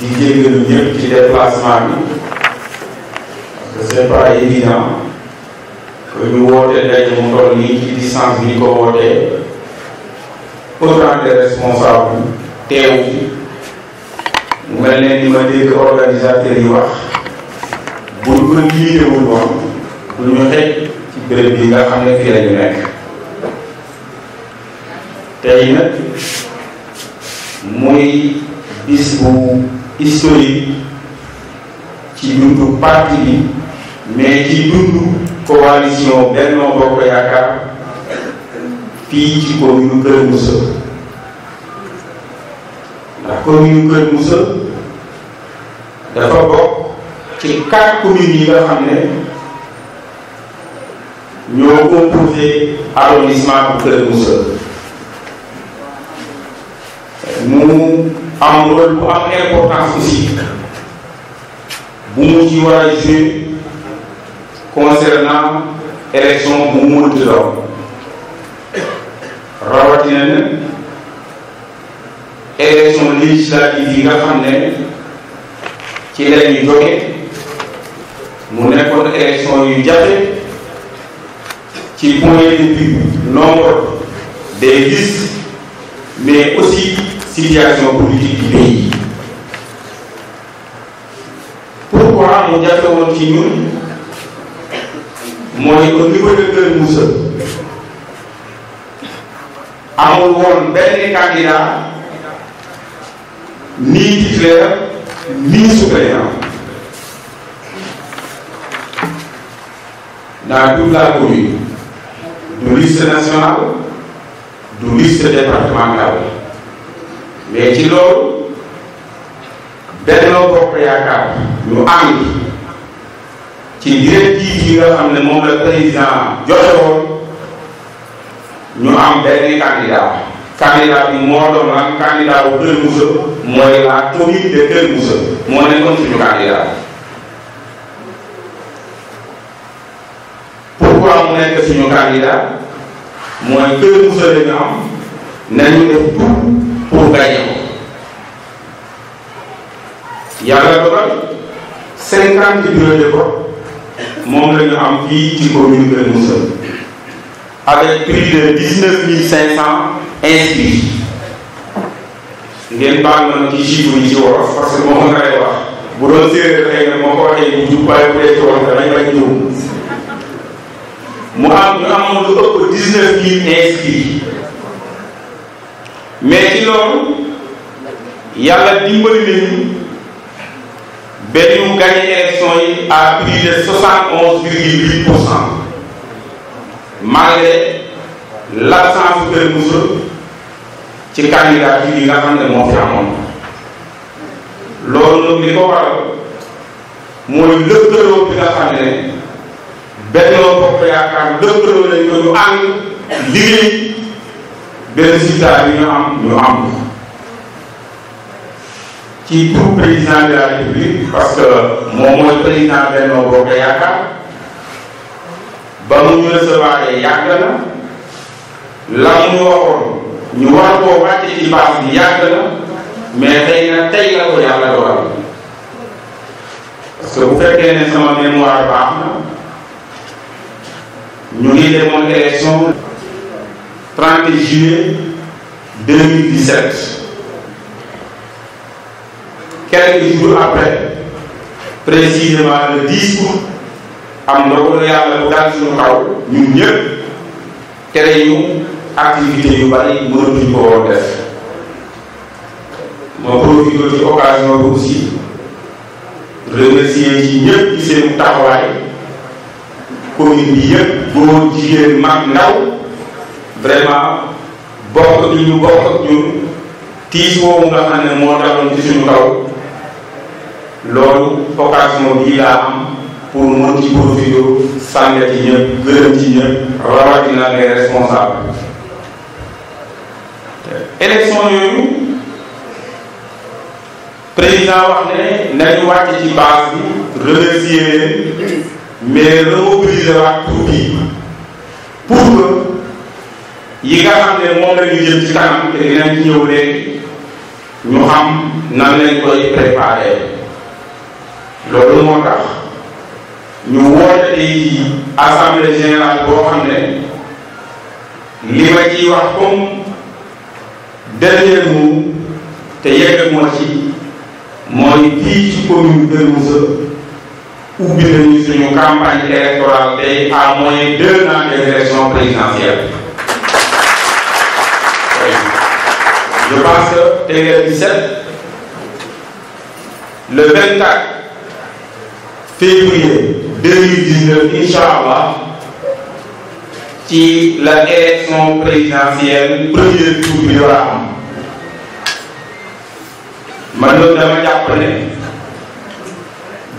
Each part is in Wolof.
di jéggalu ñëpp ci déplacement bi parce que c'est évident que ñu wootee daje mu toll nii ci distance bi ñu ko wootee autant de responsables teew mu mel ne ni ma dégg organisateurs yi wax buñ ko liitewul woon du ñu xëj ci béréb bi nga xam ne fii la ñu nekk tey nag muy bis bu historique ci dundu parti bi mais ci dundu coalition Benno Bokk Yaakaar fii ci commune Kër Moussa ndax commune Kër ci quatre communes yi nga xam ne ñoo composé arrondissement bu mu am rôle bu am importance aussi bu mu ci war a jouer concernant élection bu mu mënti doon rawatina ne élection législative yi nga xam ne ci la ñu jóge mu nekkoon élection yu jafe ci point de vue mais aussi situation politique du pays pourquoi mu jafe woon ci ñun mooy au niveau de Kër Moussa amul woon benn candidat ni titulaire ni suppléant dans toute la commune du liste nationale du liste mais ci loolu Benno Bokk Yaakaar ñu am ci directive yi nga xam ne moom la président joxe woon ñu am benn candidat candidat bi moo doon lan candidat wu Kër Moussa mooy la commune de Kër Moussa moo nekkoon suñu candidat pourquoi mu nekk suñu candidat mooy Kër Moussa la ñu am nañu def tout pour gañe ko yàlla dogal cinquante bureaux de vote moom la ñu am fii ci commune Kër Moussa avec plus de dix-neuf mille cinq cents inscrits ngeen baal ma ci chiffre yi ci wolof parce que moom ngay wax bu doon séeréer xëy na moo ko waxee bu jub waaye bu dee ci wolof danañ bañ ñëw mu am ñu amoon lu ëpp dix-neuf mille inscrits mais ci loolu yàlla dimbali nañu ba ñu gagné élection yi à plus de 71 virgule 8 pour cent malgré l'absence de Kër Moussa ci candidat yi nga xam ne moo fi amoon loolu nag li ko waral mooy lëkkaloo bi nga xam ne Benno Bokk Yaakaar lëkkaloo nañ ko ñu ànd liggéey résultat bi ñu am ñu am ci tout président de la république parce que moom mooy président Benno Bokk ba mu ñu recevoir yàgg na la mu ñu waxoon ñu war koo wàcce ci base bi yàgg na mais xëy na tey la ko yàlla dogal parce que bu fekkee ne sama mémoire baax na ñu ngi demoon élection 30 juillet 2017 quelques après précisément le 10 août am ndogalu yàlla bu daal suñu xaw ñun ñëpp tere ñu activité yu bari mënatuñ ko def ma profité ci occasion bi remercier ci ñëpp seen taxawaay commune bi yëpp góor jigéen mag ndaw vraiment bokk ak ñu bokk ak ñun tiis woowu nga xam ne moo daloon ci suñu kaw loolu occasion bii laa am pour mën ci profité sànga ci ñëpp gërëm ci ñëpp rawatina les responsables élection yooyu président wax ne nañu wàcc ci base bi remercier leen mais remobiliser waat pour bi pour que yi nga xam ne moom la ñu jëm ci kanam te dinañ ci ñëw léegi ñu xam nan lañ koy préparé loolu moo tax ñu woote tey assemblée générale boo xam ne li ma ciy wax comme dernier mot te yegg moo ci mooy fii ci commune de Moussa ubbi nañu suñu campagne électorale tey à moyen deux ans élections présidentielles je pense que le 17 le 24 février 2019 Inch'Allah, qui ci la élection présidentielle premier tour Madame war a am man loolu dama jàpp ne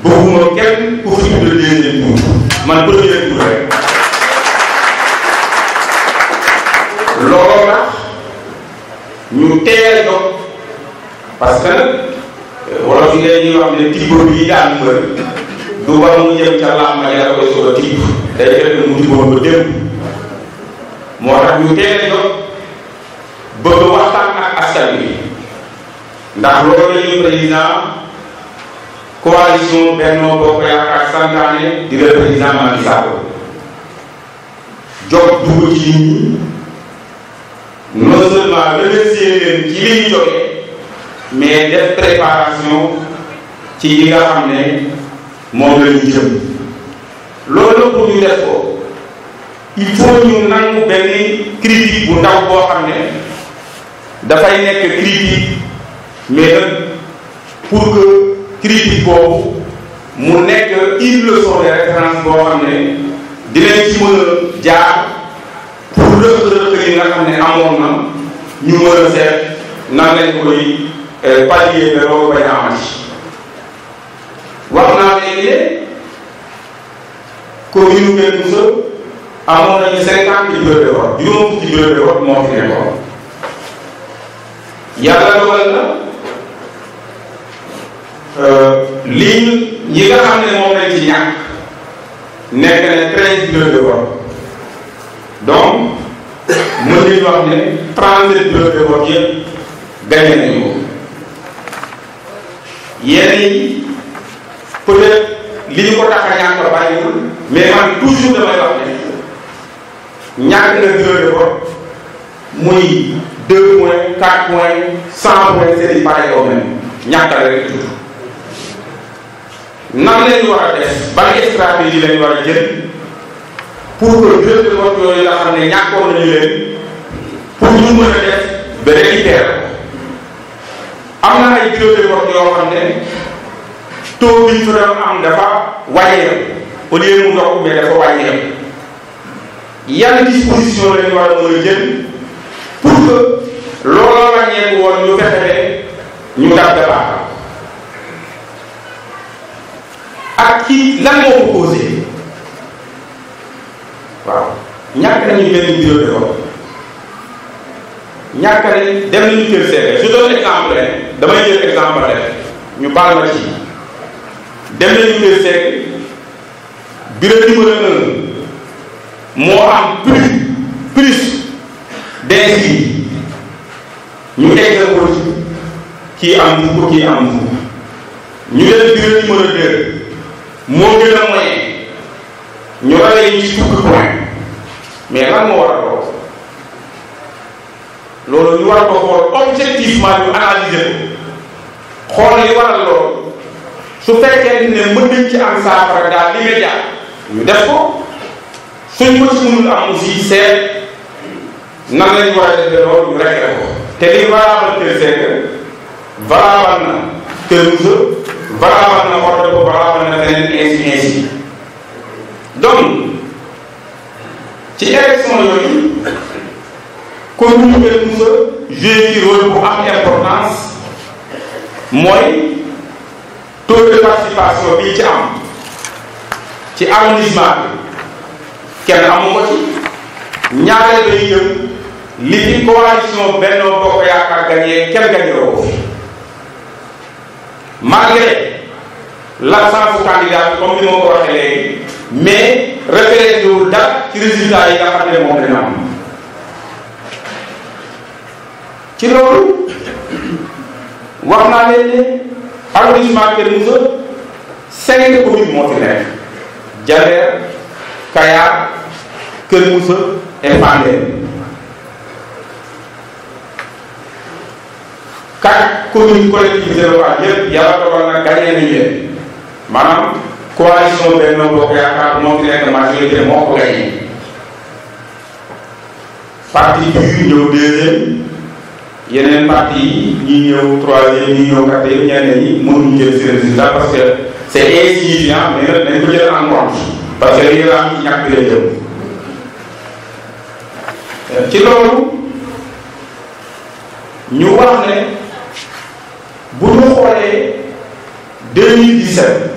bëgguma kenn ku fi tour man premier tour ñu teel ko parce que euh, wolof yi dañuy wax ne tibb bi daan mbër du war mu jëm ca làmb ya da koy soog a tibb day fekk mu tibboon ba démb moo tax ñu teel ko bëgg waxtaan ak askan wi ndax loolu la ñuy président coalition Benno Bokk Yaakaar santaane di la président Macky Sall jóg dugg ci nit ñi non seulement ci li ñu mais def préparation ci yi nga xam ne moom la jëm loolu pour ñu def ko il faut ñu nangu benn critique bu ndaw boo xam ne dafay nekk critique mais pour que critique boobu mu nekk une leçon de référence boo xam ne dinañ ci mën a jaar pour rëq-rëq yi nga xam ne amoon na ñu mën a seet nan lañ koy eh, pallier ba loolu bañ a amati wax naa léegi ne commune Kër Moussa amoon nañu cinquante bureaux de vote juróom fukki bureaux de vote moo fi nekkoon yàlla dogal na eh, lii ñi nga xam ne moom lañ ci ñàkk nekk na treize bureaux de vote donc mën nañu wax ne 37 bureaux de vote yëpp gagné nañu ko yenn yi peut li ñu ko tax a ñàkk a bàyyiwul mais man toujours damay wax ne ñàkk na bureau de vote muy 2 points 4 points 100 points c'est pareil au même ñàkkal rek toujours nan lañu war a def ban stratégie lañu war a jël. pour que Dieu de votre Dieu en nañu leen pour ñu mëna def de récupérer ay de votre yoo xam taux bi ñu am dafa wayé au lieu mu ndox mais dafa Il y disposition une disposition pour que looloo wàññeeku woon ñu fexé ñu dab dabaax ak ci lan moo ko posé. waaw ñàkk nañu benn bureau de vote ñàkk nañ dem nañu kër seede je donne exemple damay jël exemple rek ñu baal ma ci dem nañu kër seede bureau ci kii am fukk moo gën a moyen ñu rawee ñu ci fukk point mais lan moo war a ko loolu ñu war ko xool objectivement ñu analyser ko xool li waral loolu su fekkee ne mën nañ ci am saafara daal l'immédiat ñu def ko suñ ko ci mënul am aussi seet nan lañ war a loolu ñu ko te li valable que c'est que valable na Kédougou valable na Ordogo valable na feneen ainsi ainsi donc. ci élection yooyu commune Kër Moussa joué ci rôle bu am importance mooy taux participation bii ci am ci arrondissement kenn amu ci ñaareel bay jëm li ci coalition Benno Bokk Yaakaar gagné kenn gagné woo malgré l'absence bu candidat ko waxee léegi mais référé wu dara ci résultat yi nga xamné mom dañu am ci lolu wax naa leen ne arrondissement Kër Moussa cinq communes mo fi nekk Jaber Kayar Kër Moussa et Fandène quatre communes collectivités locales yépp yalla dogal na gagné ni yépp manam coalition Benno Bokk Yaakaar moo fi nekk majorité moo ko gagné parti bii ñëw deuxième yeneen parti yi ñi ñëw troisième ñi ñëw quatrième ñeneen ñi mënuñu jël seen résultat parce que c' est insignifiant mais nag dañ ko jël en compte parce que lii laa ñu ñàkk lay jëm ci loolu ñu wax ne bu ñu xoolee 2017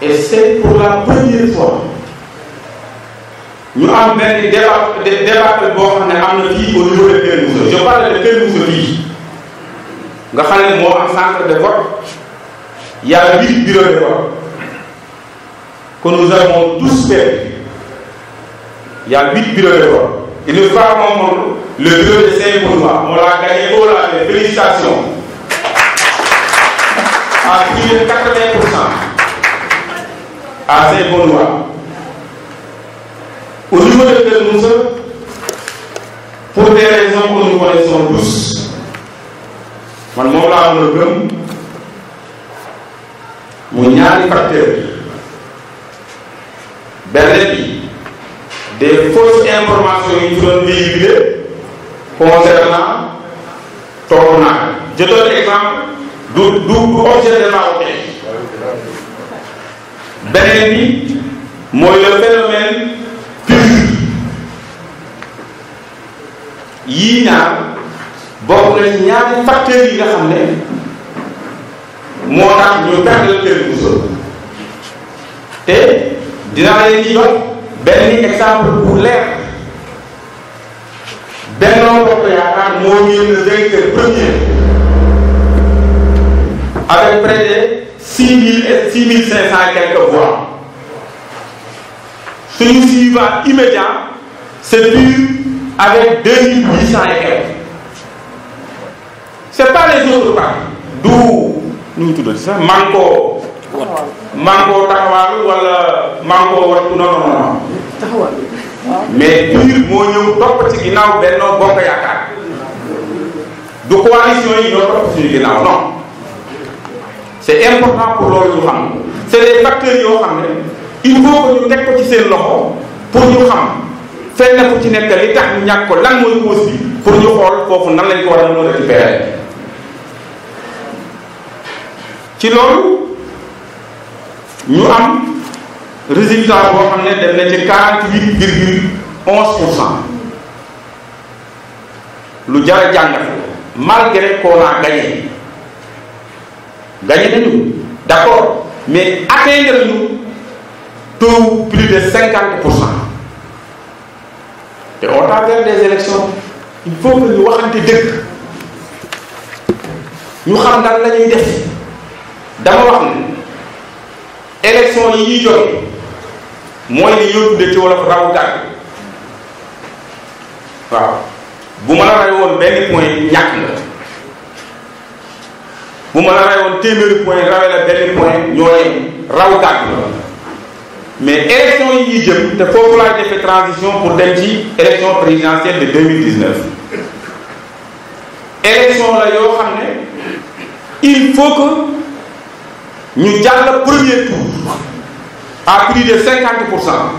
Et c'est pour la première fois. Nous avons des débats de bord en on au niveau de Pérouse. Je parle de Pérouse vie. Nous avons un mot en centre de vote. Il y a huit bureaux de bord que nous avons tous fait. Il y a 8 bureaux de vote. Et nous avons le bureau de Saint-Benoît. On l'a gagné au la félicitations. À plus de 80%. à ces bonnes lois. Au niveau de Pelmoussa, pour des raisons que nous connaissons tous, man moom laa mën a gëm mu ñaari facteur benn bi des fausses informations qui sont véhiculées concernant toog naa je donne exemple du du objet de la beneen bi mooy le phénomène pur yii ñaar bokk nañ ñaari facteurs yi nga xam ne moo tax ñu perdre Kër Moussa te dinaa leen di jox benn exemple bu leer Benno Bokk Yaakaar moo ñëw le vainqueur premier avec près 6000 et quelques voix. Celui va immédiat, c'est plus avec 2800 et quelques. Ce n'est pas les autres partis. D'où nous tout ça Manko. Manko ou Non, non, non. Mais pur nous, nous, nous, ci nous, Benno Bokk nous, du coalition nous, non. c'est important pour loolu ñu xam c'est des yoo xam ne il ñu teg ko ci seen loxo pour ñu xam fenn ku ci nekk li tax ñàkk ko lan mooy cause bi pour ñu xool foofu nan lañ ko war a mën a récupérer ci loolu ñu am résultat boo xam ne dem na ci 48 virgule 11 pour cent lu jar a jàngat malgré qu'on a gagné gagné nañu d' mais atteindre nous taux plus de 50%. Et au travers des élections il faut que ñu waxante dëgg ñu xam nan la def dama wax ni élection yi ñi jot moy li ñoo tudde ci wolof raw gàtt waaw bu ma la ray benn point ñak nga bu ma la rayoon téeméeri point rawee la benn point ñooy raw mais élection yi ñuy jëm te foofu laa defee transition pour l'élection ci élection présidentielle de 2019 élection la yoo il faut que ñu jàll premier tour à plus de 50 pour cent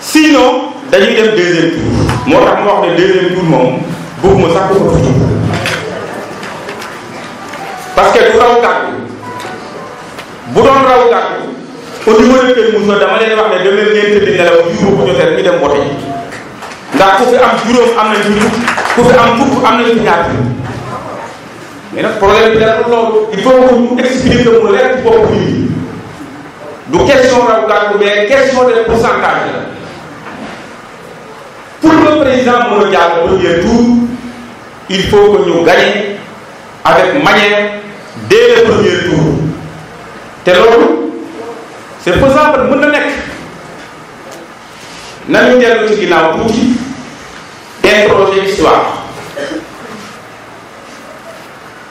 sinon dañuy dem deuxième tour moo tax ma wax deuxième tour moom bëgguma sax ko parce que du raw gàddu bu doon raw gàddu au niveau de Kër Moussa dama leen wax ne de même ngeen tëdd nelaw yuuru bu jotee ñu dem wote ndax ku fi am juróom am nañ fi ku fi am fukk am nañ fi ñaar mais nag problème bi dara loolu il faut que ñu expliquer mu leer ci bopp de pourcentage la pour le président mën a jàll premier tour il faut que ñu gagné avec manière dès le premier tour pour ça c'est faisable mën na nekk nañu ni ci Quel projet projets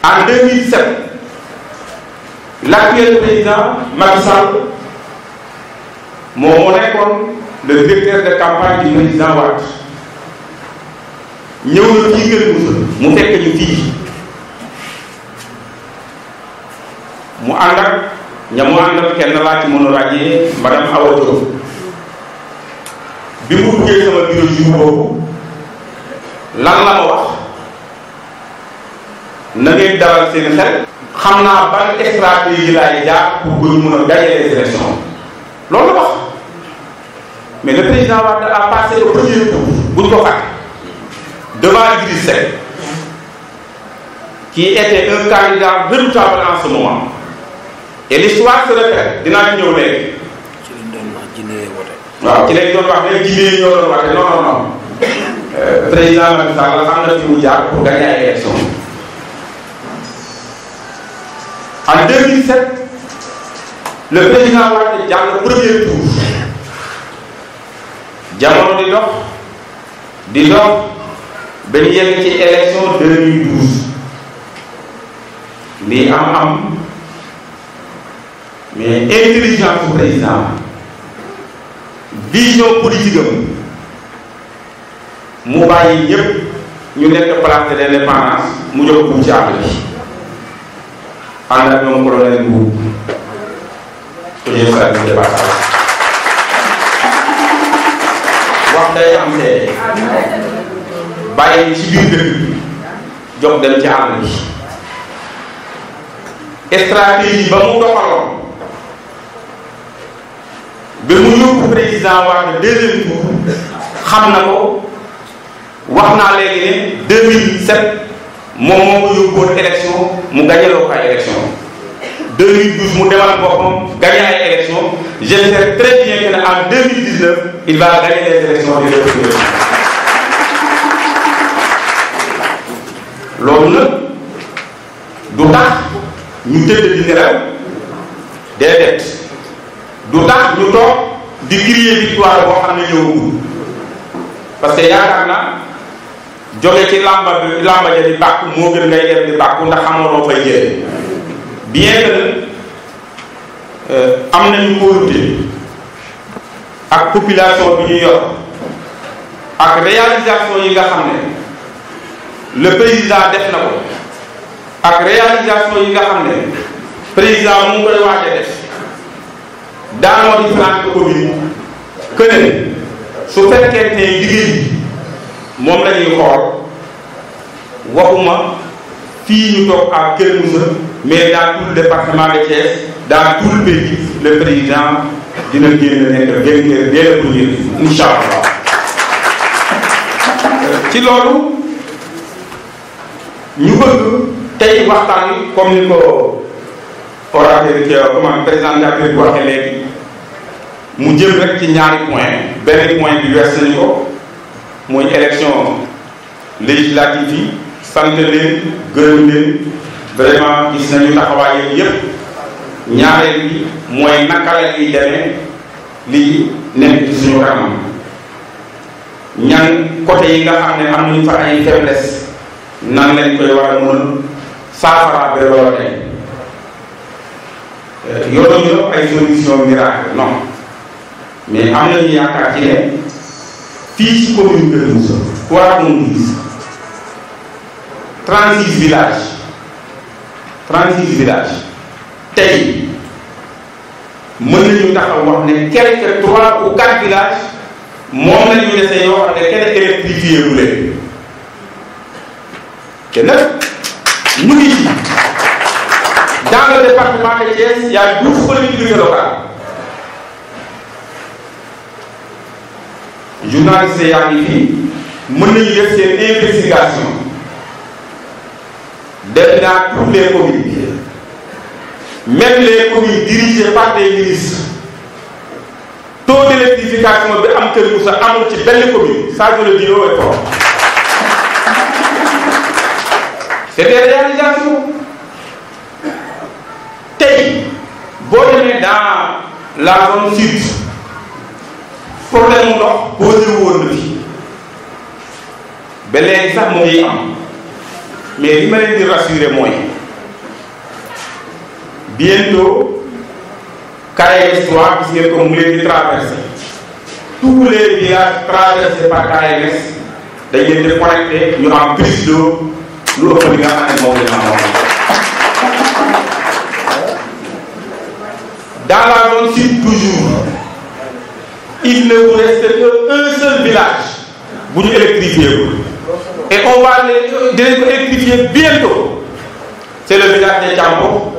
en 2007 l'actuel président Macky Sall moom comme le directeur de campagne du président Wade Nous nous disons que nous mu mu ànd ak mu ànd kenn laa ci mën a ràññee madame bi mu duggee sama bureau jour boobu lan la ma wax na ngeen dalal seen xel. xam naa ban stratégie laay jaar pour que ñu mën a gagner les élections loolu la wax mais le président Wade a passé au premier tour bu ñu ko fàtte devant Idriss Seck qui était un candidat redoutable en ce moment. et l'histoire se répète dinaa ci ñëw léegi. ci lañ doon wax jinne yee woote. waaw ci lañ doon wax ne jinne yi ñoo doon woote non non non euh, président Macky Sall am na fi mu jaar pour gagner ay élection en 2007 le président Wade di dox di dox ba ñu yegg ci élection 2012 lii am am. mais intelligence su président vision politique mu bàyyi ñëpp ñu nekk place de l'indépendance mu jóg bu jàll bi ànd ak am seede jox dem ci àll bi stratégie ba mu doxaloon président président le deuxième tour xam na ko wax naa léegi 2007 moom moo l'élection, élection mu 2012 mu demal gagné ay élection j'espère très bien qu'en 2019 il va gagner les élections de réew loolu nag du tax ñu tëdd di di crier victoire boo xam ne ñëwagul parce que yaakaar na jóge ci làmba làmba ja di bàkku moo gën ngay def di bàkku ndax xamoo loo fay jëlee bien que euh, am nañu kóolute ak population bi ñu yor ak réalisation yi nga xam ne le président def na ko ak réalisation yi nga xam ne président mu ngi waaj a def daanoo différence commune que ne su fekkee ne liggéey bi moom la xool waxuma fii ñu toog ak Kër Moussa mais dans tout le département de tout le le président dina génn nekk vainqueur dès le premier incha allah ci loolu ñu bëgg tey waxtaan wi comme ni ko orateur euh, ci président de la République waxee léegi. mu jël rek ci ñaari point benn point bi wees nañu ko mooy yi sant gërëm leen vraiment gis nañu taxawaay yëpp ñaareel bi mooy naka la ñuy demee lii nekk ci suñu kanam ñan côté yi nga xam ne am nañu fa ay faiblesse nan lañ koy war a mën saafara ba loola tey euh, yooyu ay solution miracle non mais am nañu yaakaar ci ne fii ci commune Kër six villages trente six villages tey mën nañu taxaw wax ne quelque trois ou quatre villages moom la ñu dese yoo xam ne kenn électrifié lu leen te nag ñu ngi dans le département de Thiès y a douze collectivités locales journaliste yaa ngi fii mën nañu investigation dem naa toutes les communes même les communes dirigées par des ministres taux d' électrification bi am Kër Moussa amul ci benn commune ça je le dis au et fort c' des réalisations tey boo demee dans la zone sud. problème mu ndox posé woon na fi ba léegi sax mu am mais li ma leen di rassurer mooy bientôt Kaay Espoir gis ngeen ko mu leen di traversé tous les villages traversés par Kaay dañ leen di connecté ñu am prise d'eau lu ëpp li nga xam ne moom la ñu amoon dans la zone toujours. il ne vous reste qu'un seul village vous électrifiez-vous et on va les électrifier bientôt c'est le village des Jambo.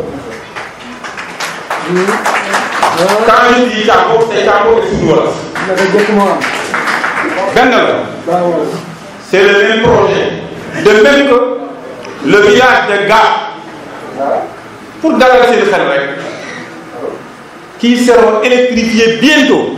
quand je dis Jambo, c'est Thiambo et Sunu Wolof. c'est le même projet. de même que le village de Gars, pour garder le travail, qui seront électrifiés bientôt.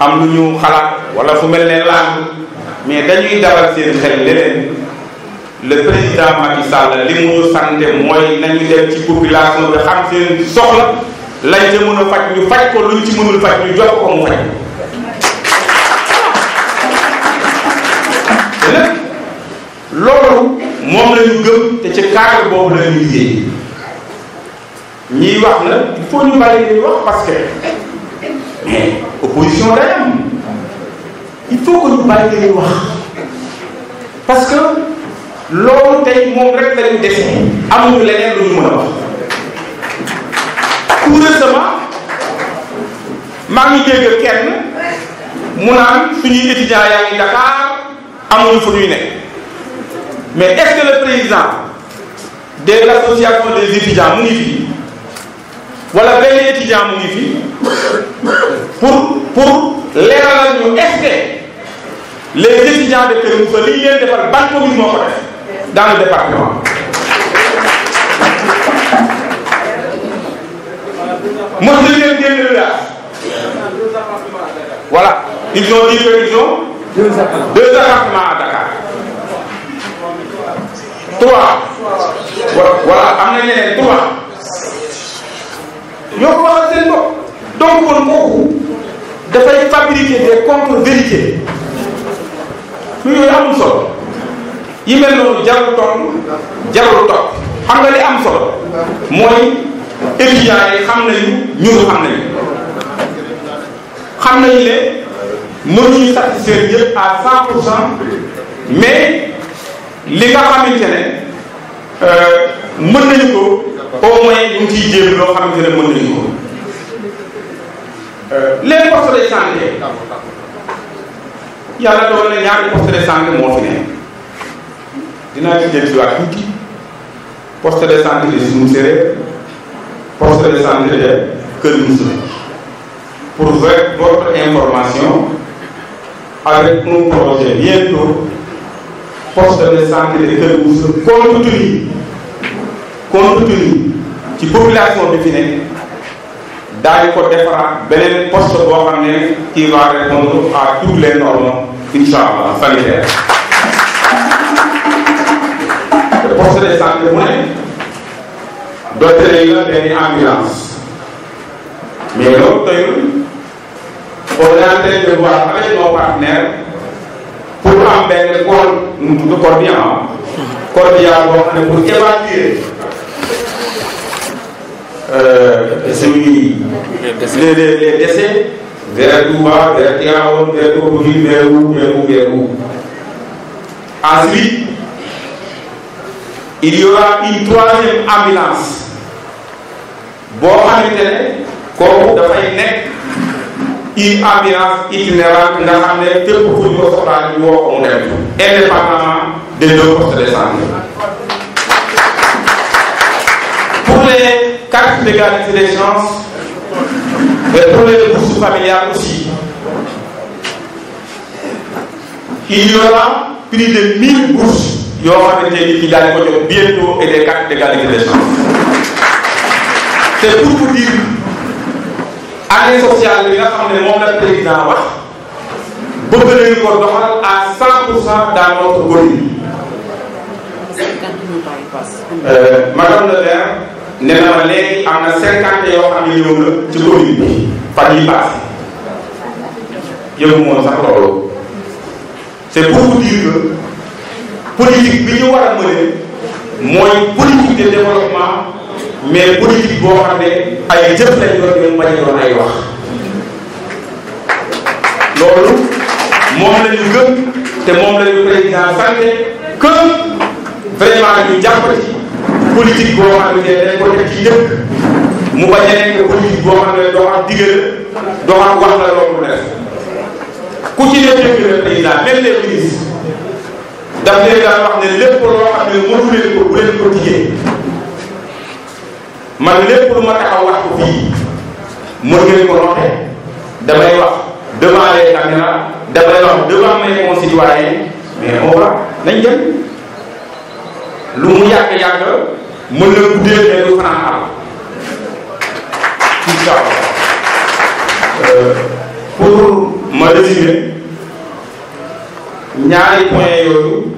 am lu ñu xalaat wala fu mel ne làng mais dañuy dalal seen xel leneen le président Macky Sall li mu sante mooy nañu dem ci population bi xam seen soxla lañ ca mën a faj ñu faj ko luñ ci mënul faj ñu jox ko mu faj te nag loolu moom la ñu gëm te ci cadre boobu la ñu ñiy wax na il faut ñu bàyyi ñuy wax parce mais eh, opposition il faut que nous parlions de lois. parce que l'homme est mon rek la ñu Nous, Amour leneen lu wax tout récemment maa ngi de kenn à à ngi Dakar amour mais est-ce que le président de l'association des étudiants mu voilà benn étudiants mu fi pour pour leeralal ñu est-ce les étudiants de Kër Moussa li ñu leen defal ban commune moo ko def dans le département. mos nañ leen voilà ils ont dit que ils ont deux appartements à Dakar trois voilà am na ñeneen trois ñoo ko waxal seen donc kon fabriquer des contre-vérités lu yooyu solo yi mel noonu jarul train jarul xam nga li am solo xam nañu à 100 mais li nga xamante ne euh, au ñu ciy jéem loo xamante ne mën nañu ko euh, les de santé yàlla doon na ñaari poste de santé moo fi ne dinaa ci jël si waat tuuti de santé de Sunu Séréer de santé de Kër Moussa pour votre information avec un projet bientôt poste de de Kër Moussa compte tenu compte tenu ci population bi fi ne di ko defaraat beneen poste boo xam ne kii va répondre à toutes les normes incha allah sanitaire te poste de santé mu ne doote lay la benn ambulance mais loolu tayul on est de voir avec nos partenaires pour am benn corps nu tudd corbillard corbillard boo xam ne pour évacuer Euh, semi les les décès vers Touba vers Tivaouane vers Topogine vers où vers où vers où ensuite il y aura une troisième ambulance boo xamante ne kooku dafay nekk une ambulance itinérante nga xam ne ku ñu ko soxlaa ñu woo ko mu dem indépendamment des deux postes de santé dégâts d'égalité des chances et pour les bourses familiales aussi. Il y aura plus de 1000 bourses qui ont été bientôt et des cartes d'égalité des chances. C'est pour vous dire, année sociale, les gens le président vous devez nous à 100% dans notre commune. Euh, Madame le maire, ne na ma léegi am na cinquante yoo xam ne ñëw na ci commune bi fan yii passé yëgu moom sax loolu c'est pour vous dire que politique bi ñu war a mëne mooy politique de développement mais politique boo xam ne ay jëf lañ wax loolu moom la ñu te moom la ñu président santé que vraiment ñu jàpp ci politique boo xam ne dañ koy teg ci dëkk mu bañ a nekk politique boo xam doo xam digal doo xam wax la loolu mu ne dëgg la président même les ministres daf leen daan wax ne lépp loo xam ko bu leen ko tijjee man lépp lu ma taxaw wax ko fii mën ngeen ko wax devant les caméras damay mais on nañ dem. lu mu yàgg yàgg mën na guddee mais du fanaan am incha allah euh, pour ma résumer ñaari point yooyu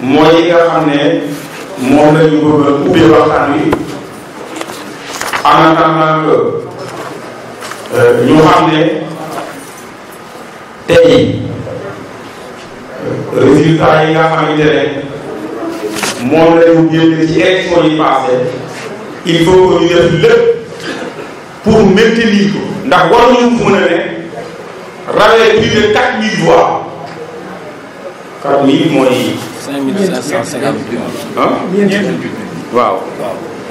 mooy yi nga xam ne moom la ñu bëgg a ubbee waxtaan wi en attendant que euh, ñu xam ne tey euh, résultat yi nga xamante ne moom lañu génn ci élection yi passé il faut que ñu def lépp pour maintenir ko ndax waruñu mën a ne rawee plus de 4000 voix 4000 mooy. 5550. waaw. waaw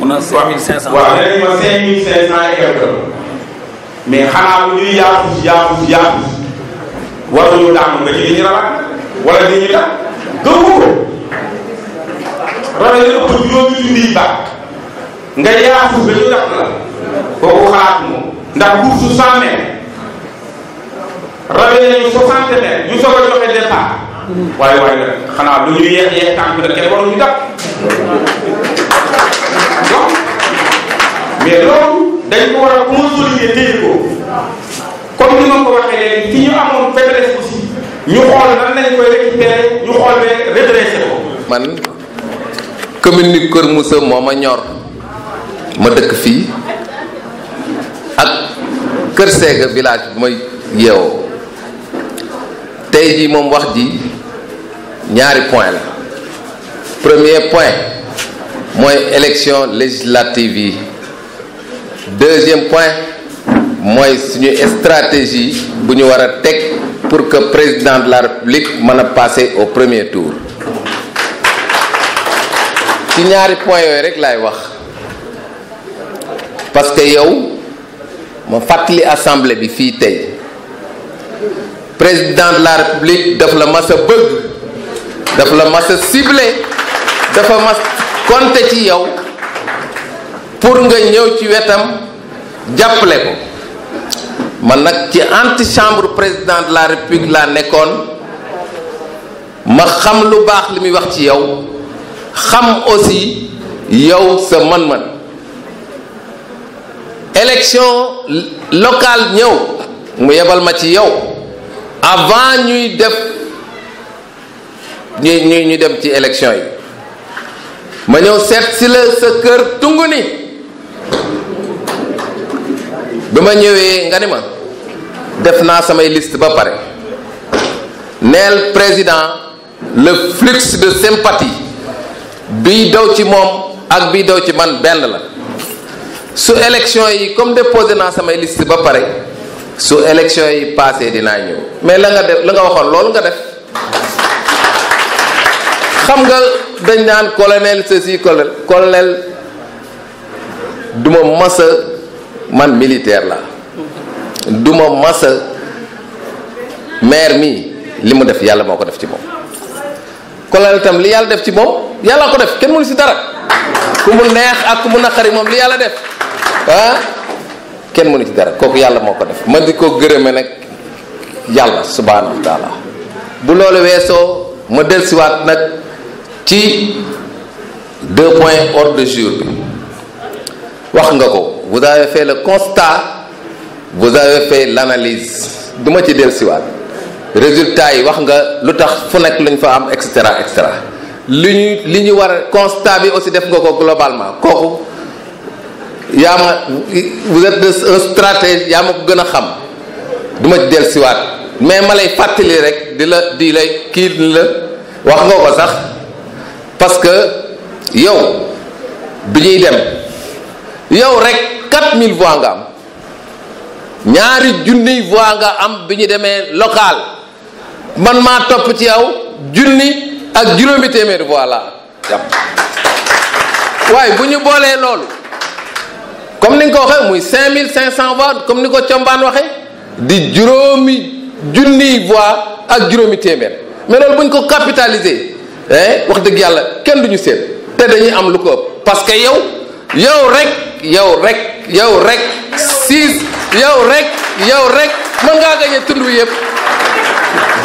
on a 5500. waaw léegi ma 5500 et mais xanaa bu ñuy yaatu yaatu yaatu waruñu daanu nga ci ñu rawaat wala li ñu daan gëmu ko. wala nga ëpp juróomi junniy baat nga yaasu ba ñu yàq la kooku xalaat moom ndax guur su cent mètres rawee nañu soixante mètres ñu soog a joxe départ waaye waaye xanaa lu ñuy yeex yeex tànk bi nag kenn waruñu dab donc mais loolu dañ ko war a ma ko ñu amoon faiblesse aussi ñu xool nan lañ ñu xool ne redresser ko commune Kër ñor ma ak village wax ñaari premier point élection législative deuxième point mooy stratégie pour que président de la république mën au premier tour ci ñaari point yooyu rek laay wax parce que yow ma fàttali assemblée bi fii tey président de la république daf la mas a bëgg daf la mas sible dafa ma konte ci yow pour nga ñëw ci wetam jàppale ko man nag ci antichambre président de la république laa nekkoon ma xam lu baax li muy wax ci yow xam aussi yow sa man-man élection locale ñëw mu yebal ma avant ñuy def ñuy ñuy ñu dem ci élection yi ma ñëw seet si la sa ni bi ma ma liste ba président le flux de sympathie bii daw ci moom ak bii dow ci man benn la su élection yi comme déposé naa samay liste ba pare su élection yi paase dinaa ñëw mais la nga def la nga waxoon loolu nga def xam nga dañ naan colonel ceci colonel colonel duma masa man militaire la duma masa maire mi li mu def yàlla moo ko def ci moom kolal itam li yàlla def ci moom yàlla ko def kenn mënu si dara ku mu neex ak ku mu naqari moom li yàlla def ah kenn mënu ci dara kooku yàlla moo ko def man di ko gërëme nag yàlla subhanahu wa taala bu loolu weesoo ma dellusiwaat nag ci deux points ordre de jour bi wax nga ko vous avez fait la constat vous avez fait l'analyse du ma ci dellusiwaat résultat yi wax nga lu tax fu nekk lu fa am et cetera et li ñu li ñu war a constat bi aussi def nga ko globalement kooku yaama ma vous êtes yaama stratège gën a xam duma ma dellusiwaat mais ma lay fàttali rek di la di lay kii la wax nga ko sax parce que yow bi ñuy dem yow rek mille voix nga am ñaari junniy voix nga am bi ñu demee local man maa topp ci yow junni ak juróomi téeméeri voilà waaye bu ñu boolee loolu comme ni nga ko waxee muy 5500 voix comme ni ko Combaan waxee di juróomi junniy voix ak juróomi téeméer mais loolu bu ñu ko capitaliser eh wax dëgg yàlla kenn du ñu seet te dañuy am lu ko parce que yow yow rek yow rek yow rek six yow rek yow rek mën ngaa gagné tund wi yëpp.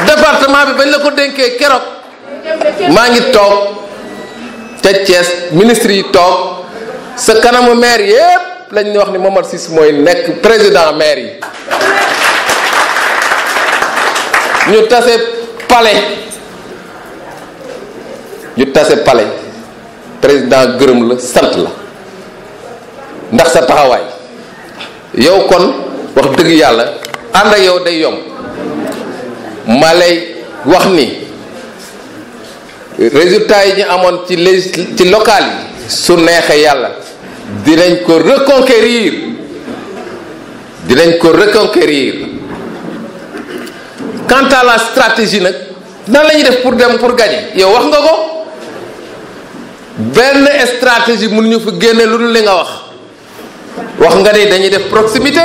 département bi bañ la ko dénkee keroog maa ngi toog ca Thiès ministre yi toog sa kanamu maire yépp lañ ñu wax ni Momar Ciss mooy nekk président maire yi ñu tase palais ñu tase palais président gërëm la sant la ndax sa taxawaay yow kon wax dëgg yàlla ànd ak yow day yomb Malay, wax ni résultat yi ñu amoon ci ci local yi su neexee yàlla dinañ ko reconquérir dinañ ko reconquérir quant à la stratégie nag nan la def pour dem pour gagner yow wax nga ko benn stratégie ñu fi génne lu li nga wax wax nga ne dañuy def proximité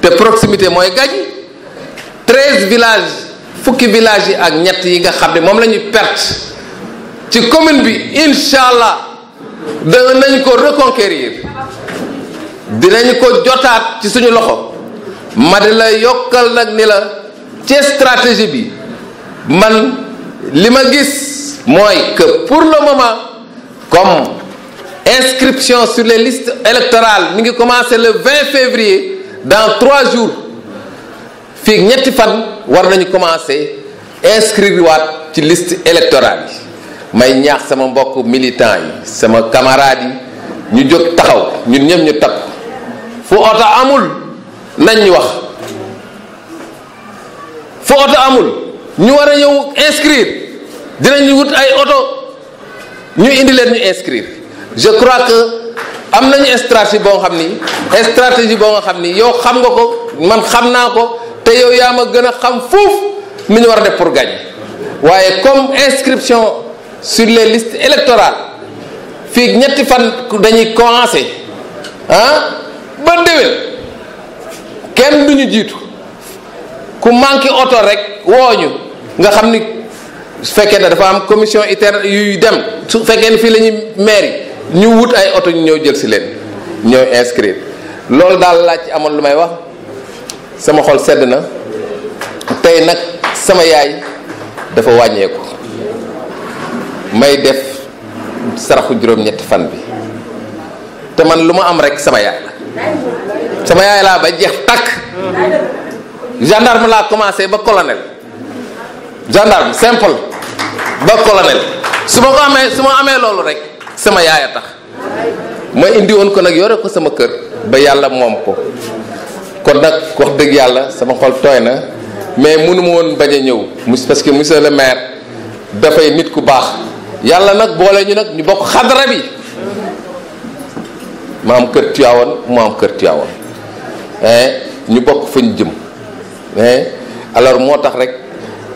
te proximité mooy gagner 13 villages fukki villages ak ñett yi nga xam ne moom la ci commune bi ko reconquérir dinañ ko jotaat ci suñu loxo ma la yokkal la stratégie bi man li gis que pour le moment comme inscription sur les listes électorales mi ngi le 20 février dans trois jours fii ñetti fan war nañu commencé inscrire waat ci list électorale yi may ñaax sama mbokk militan yi sama camarade yi ñu jóg taxaw ñun ñëpp ñu takk fu oto amul nañ ñu wax fu oto amul ñu war a ñëw inscrire dinañu wut ay oto ñu indi leen ñu inscrire je crois que am nañu stratégie boo nga xam ni stratégie boo nga xam ni yow xam nga ko man xam naa ko te yow yaa ma gën a xam foofu mi ñu war a def pour gagner waaye comme inscription sur les listes électorales fii ñetti fan dañuy commencer ah ba déwén kenn du ñu jiitu ku manqué oto rek wooñu nga xam ni su fekkee ne dafa am commission inter yuy dem su fekkee ne fii la ñuy mairie ñu wut ay oto ñu ñëw jël si leen ñoo inscrire loolu daal laaj ci amoon lu may wax. sama xol sedd na tey nag sama yaay dafa wàññeeku may def saraxu juróom-ñetti fan bi te man lu ma am rek sama yaay sama yaay laa ba jeex takk gendarme laa commencé ba colonel gendarme simple ba colonel su ma ko amee su ma amee loolu rekk sama yaay a tax ma indi woon ko nag yore ko sama kër ba yàlla moom ko kon nag wax dëgg yàlla sama xol tooy na mais mënu bañ a ñëw mu parce que monsieur le maire dafay nit ku baax yàlla nag boole ñu nag ñu bokk xadara bi ma am kër Tivaouane mu am kër Tivaouane ñu bokk fa ñu jëm alors moo tax rek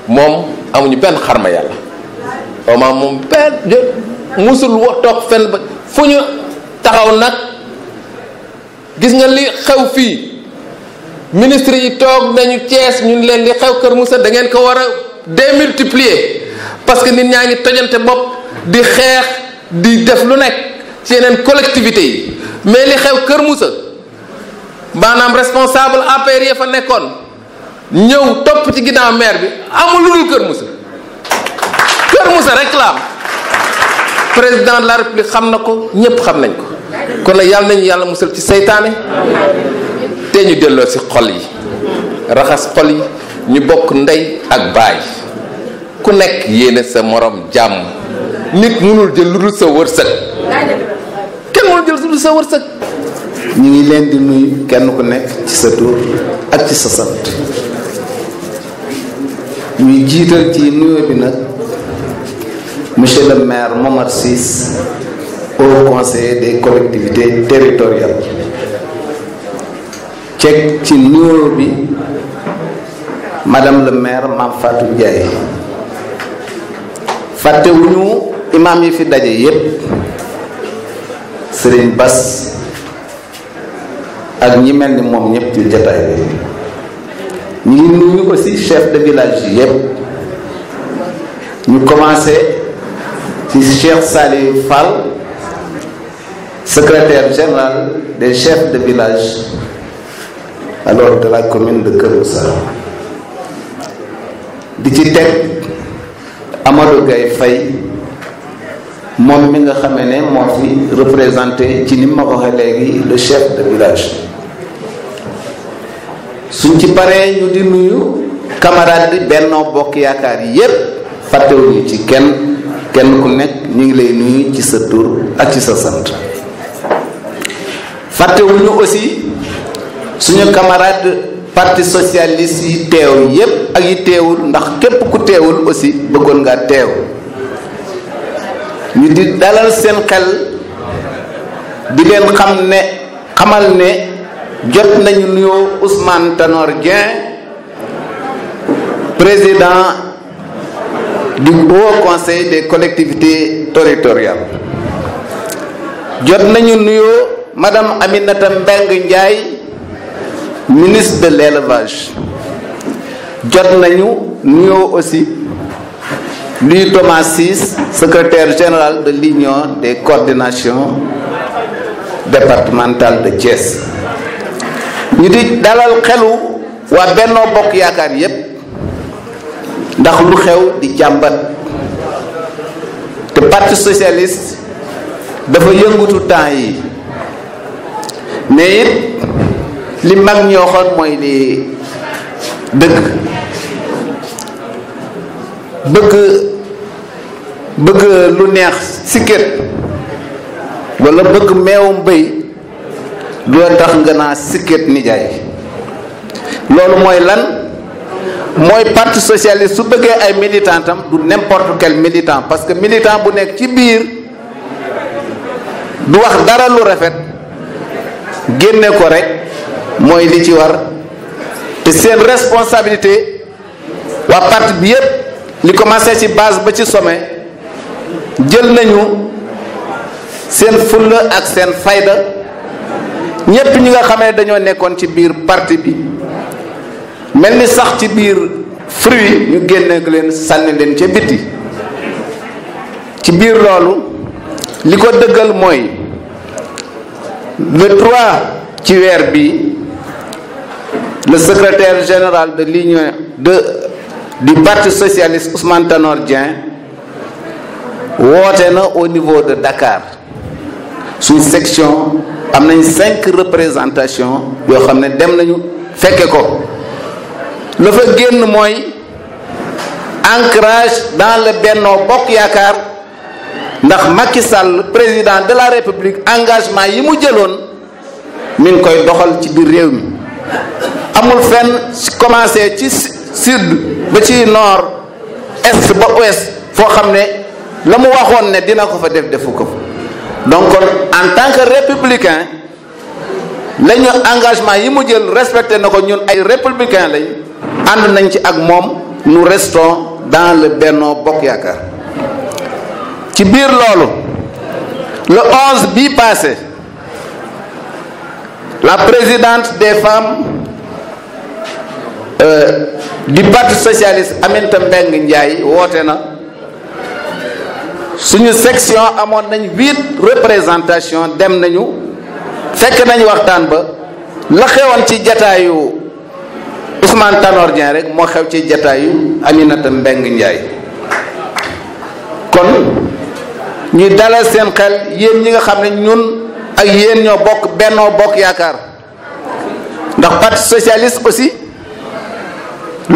moom amuñu benn xarma yàlla vraiment moom benn musul toog fenn fu ñu taxaw nag gis nga li xew fii ministre yi toog nañu ñu ni leen li xew Kër Moussa da ngeen ko war a démultiplier parce que nit ñaa ngi tojante bopp di xeex di def lu nekk ci yeneen collectivités yi mais li xew Kër Moussa maanaam responsable APR ya fa nekkoon ñëw topp ci ginnaaw maire bi amul lu dul Kër Moussa Kër Moussa réclame président de la république xam na ko ñëpp xam nañ ko kon yàlla nañu yàlla musal ci seytaane te ñu delloo ci xol yi raxas xol yi ñu bokk ndey ak baay ku nekk yéene sa morom jàmm nit mënul jël lu dul sa wërsëg kenn mënul jël lu dul sa wërsëg ñu ngi leen di nuyu kenn ku nekk ci sa tur ak ci sa sant ñuy jiital ci nuyoo bi nag monsieur le maire Momar Ciss au conseil des collectivités territoriales ceeg ci nuyoo bi madame le maire Mame Fatou Ndiaye fàttewuñu imaam yi fi daje yépp Serigne Bass ak ñi mel ni moom ñëpp ci jataay bi ñu ngi nuyu aussi chef de village yi yépp ñu commencé ci Cheikh Saliou Fall secretaire général des chefs de village alors de la commune de Keur Massar di ci teg Amadou Gaye Faye moom mi nga xamee ne moo fi représenté ci ni ma ko waxee léegi le chef de village suñ ci paree ñu di nuyu camarade bi Benno Bokk Yaakaar yépp fàttewuñu ci kenn kenn ku nekk ñu ngi lay nuyu ci sa tur ak ci sa sant fàttewuñu aussi suñu camarade parti socialiste yi teew yépp ak yi teewul ndax képp ku teewul aussi bëggoon nga teew ñu di dalal seen xel di leen xam ne xamal ne jot nañu nuyoo Ousmane Tanor Dieng président du Haut Conseil des collectivités territoriales jot nañu nuyoo madame Aminata Mbeng Ndiaye ministre de l'élevage jot nañu aussi Louis Thomas secrétaire général de l'union des coordinations départementales de Thiès ñu di dalal xelu le Bennoo Bokk Yaakaar yépp ndax lu xew di jàmbat le parti socialiste dafa yëngutu temps yi mais li mag ñi waxoon mooy li dëgg bëgg bëgg lu neex sikket wala bëgg meewum bëy du tax nga naa sikket nijaay loolu mooy lan mooy parti socialiste su bëggee ay tam du n'importe quel militant parce que militant bu nekk ci biir du wax dara lu rafet génne ko rek moy li ci war te seen responsabilité wa parti bi yépp li commencé ci base ba ci sommet jël nañu seen fulla ak seen fayda ñépp ñi nga xamee dañoo nekkoon ci biir parti bi mel ni sax ci biir fruit ñu génne leen sànni leen ca biti ci biir loolu li ko dëggal mooy le 3 ci weer bi le secrétaire général de l'Union du Parti socialiste Ousmane Tanordien au niveau de Dakar sous section a représentations cinq représentations. yoo xam fait dem nañu fekke ko fa génn ancrage dans le bien Bokk de ndax Macky Sall président de la République engagement yi mu jëloon min koy doxal ci amul fenn commencé ci sud ba ci noor est ba ouest foo xam ne la mu waxoon ne dina ko fa def defu ko fa donc en tant que républicain la engagement yi mu jël respecté na ko ñun ay républicain lañ ànd nañ ci ak moom nous restons dans le Benno Bokk Yaakaar ci biir loolu le 11 bii passé la présidente des femmes euh, du parti socialiste Aminata Mbengue Ndiaye woote na suñu section amoon nañ huit représentation dem nañu fekk nañu waxtaan ba la xewoon ci jataayu Ousmane Tanor rek moo xew ci jataayu Aminata Mbengue njaay kon ñuy dalal seen xel yéen ñi nga xam ne ñun. ak yéen ñoo bokk bennoo bokk yaakaar ndax parti socialiste aussi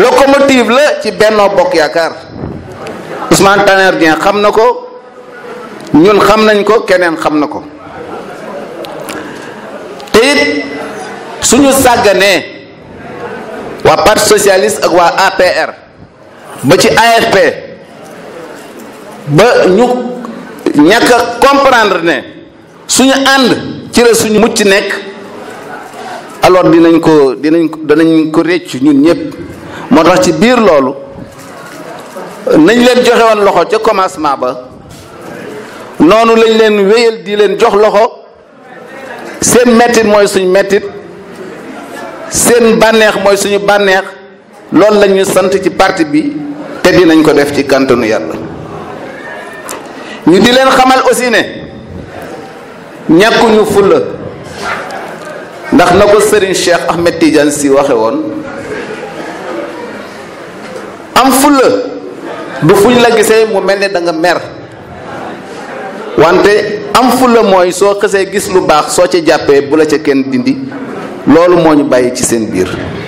locomotive la ci bennoo bokk yaakaar Ousmane Tanor Dieng xam na ko ñun xam nañ ko keneen xam na ko te it suñu sàgganee waa parti socialiste ak waa APR ba ci AFP ba ñu ñàkk comprendre ne suñu ànd ci la suñu mucc nekk alors dinañ ko dinañ ko danañ ko réccu ñun ñëpp moo tax ci biir loolu nañ leen joxe woon loxo ca commencement ba noonu lañ leen wéyal di leen jox loxo seen mettit mooy suñu mettit seen bànneex mooy suñu bànneex loolu la sant ci parti bi te dinañ ko def ci kantanu yàlla ñu di leen xamal aussi ne. ñàkkuñu fulla ndax na ko Serigne Cheikh Ahmed Tidiane si waxe woon am fulla du fuñ la gisee mu mel ni danga mer wante am fulla mooy soo xësee gis lu baax soo ci jàppee bu la ca kenn dindi loolu moo ñu bàyyi ci seen biir